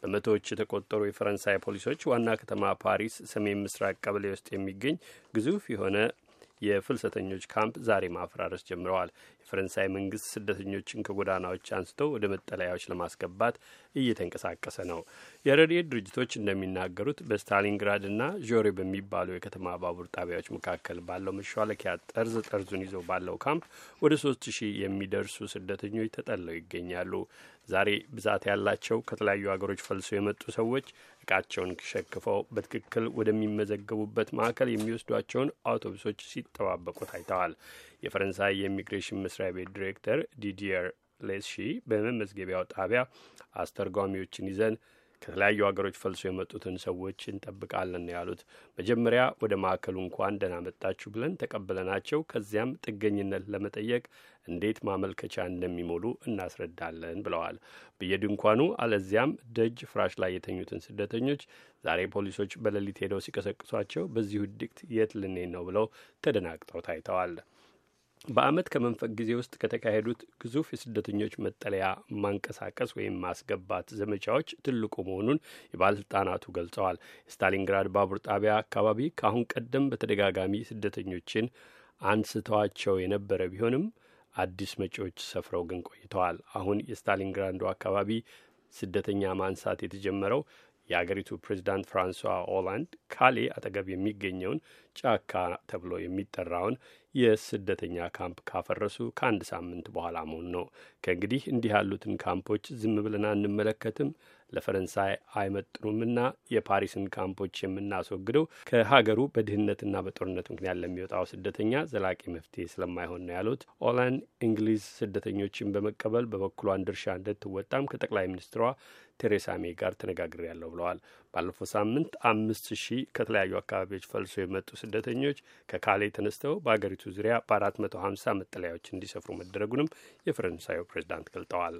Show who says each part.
Speaker 1: በመቶዎች የተቆጠሩ የፈረንሳይ ፖሊሶች ዋና ከተማ ፓሪስ ሰሜን ምስራቅ ቀበሌ ውስጥ የሚገኝ ግዙፍ የሆነ የፍልሰተኞች ካምፕ ዛሬ ማፈራረስ ጀምረዋል። የፈረንሳይ መንግስት ስደተኞችን ከጎዳናዎች አንስተው ወደ መጠለያዎች ለማስገባት እየተንቀሳቀሰ ነው። የረድኤት ድርጅቶች እንደሚናገሩት በስታሊንግራድ እና ዦሬ በሚባሉ የከተማ ባቡር ጣቢያዎች መካከል ባለው መሿለኪያ ጠርዝ ጠርዙን ይዘው ባለው ካምፕ ወደ ሶስት ሺህ የሚደርሱ ስደተኞች ተጠለው ይገኛሉ። ዛሬ ብዛት ያላቸው ከተለያዩ ሀገሮች ፈልሶ የመጡ ሰዎች እቃቸውን ሸክፈው በትክክል ወደሚመዘገቡበት ማዕከል የሚወስዷቸውን አውቶቡሶች ሲጠባበቁ ታይተዋል። የፈረንሳይ የኢሚግሬሽን መስሪያ ቤት ዲሬክተር ዲዲየር ሌስሺ በመመዝገቢያው ጣቢያ አስተርጓሚዎችን ይዘን ከተለያዩ ሀገሮች ፈልሶ የመጡትን ሰዎች እንጠብቃለን ያሉት መጀመሪያ ወደ ማዕከሉ እንኳን ደህና መጣችሁ ብለን ተቀብለናቸው ከዚያም ጥገኝነት ለመጠየቅ እንዴት ማመልከቻ እንደሚሞሉ እናስረዳለን ብለዋል። በየድንኳኑ አለዚያም ደጅ ፍራሽ ላይ የተኙትን ስደተኞች ዛሬ ፖሊሶች በሌሊት ሄደው ሲቀሰቅሷቸው በዚሁ ድቅት የት ልኔ ነው ብለው ተደናግጠው ታይተዋል። በአመት ከመንፈቅ ጊዜ ውስጥ ከተካሄዱት ግዙፍ የስደተኞች መጠለያ ማንቀሳቀስ ወይም ማስገባት ዘመቻዎች ትልቁ መሆኑን የባለስልጣናቱ ገልጸዋል። የስታሊንግራድ ባቡር ጣቢያ አካባቢ ከአሁን ቀደም በተደጋጋሚ ስደተኞችን አንስተዋቸው የነበረ ቢሆንም አዲስ መጪዎች ሰፍረው ግን ቆይተዋል። አሁን የስታሊንግራንዱ አካባቢ ስደተኛ ማንሳት የተጀመረው የአገሪቱ ፕሬዚዳንት ፍራንሷ ኦላንድ ካሌ አጠገብ የሚገኘውን ጫካ ተብሎ የሚጠራውን የስደተኛ ካምፕ ካፈረሱ ከአንድ ሳምንት በኋላ መሆኑ ነው። ከእንግዲህ እንዲህ ያሉትን ካምፖች ዝም ብለን አንመለከትም፣ ለፈረንሳይ አይመጥኑምና የፓሪስን ካምፖች የምናስወግደው ከሀገሩ በድህነትና በጦርነት ምክንያት ለሚወጣው ስደተኛ ዘላቂ መፍትሄ ስለማይሆን ነው ያሉት ኦላን እንግሊዝ ስደተኞችን በመቀበል በበኩሏን ድርሻ እንድትወጣም ከጠቅላይ ሚኒስትሯ ቴሬሳ ሜይ ጋር ተነጋግሬ ያለው ብለዋል። ባለፈው ሳምንት አምስት ሺህ ከተለያዩ አካባቢዎች ፈልሶ የመጡ ስደተኞች ከካሌ ተነስተው በአገሪቱ ዙሪያ በአራት መቶ ሀምሳ መጠለያዎች እንዲሰፍሩ መደረጉንም የፈረንሳዩ ፕሬዚዳንት ገልጠዋል።